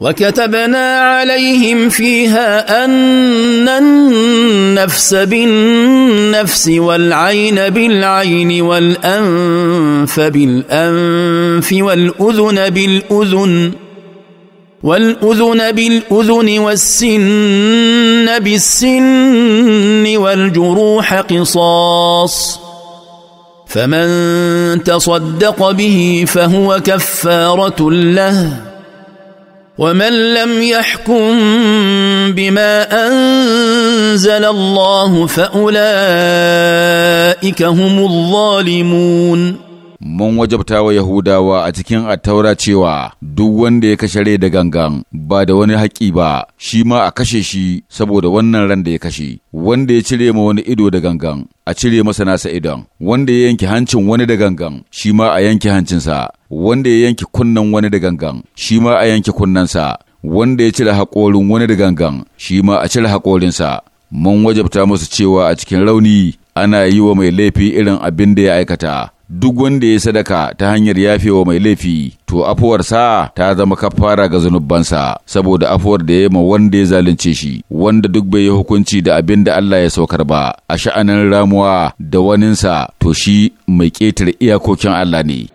وكتبنا عليهم فيها ان النفس بالنفس والعين بالعين والانف بالانف والاذن بالاذن والاذن بالاذن والسن بالسن والجروح قصاص فمن تصدق به فهو كفاره له ومن لم يحكم بما انزل الله فاولئك هم الظالمون mun wajabta wa Yahudawa a cikin attaura cewa duk wanda ya kashe rai da gangan ba da wani haƙi ba shi ma a kashe shi saboda wannan ran da ya kashe wanda ya cire ma wani ido da gangan a cire masa nasa idon wanda ya yanke hancin wani da gangan shi ma a yanke hancinsa wanda ya yanke kunnen wani da gangan shi ma a yanke kunnensa wanda ya cire haƙorin wani da gangan shi ma a cire haƙorinsa mun wajabta musu cewa a cikin rauni ana yi wa mai laifi irin abin da ya aikata duk wanda ya sadaka ta hanyar yafewa mai laifi to afuwarsa ta zama kafara ga zunubansa saboda afuwar da ya ma wanda ya zalunce shi wanda duk bai yi hukunci da abin da Allah ya saukar ba a sha'anin ramuwa da waninsa to shi mai ƙetare iyakokin Allah ne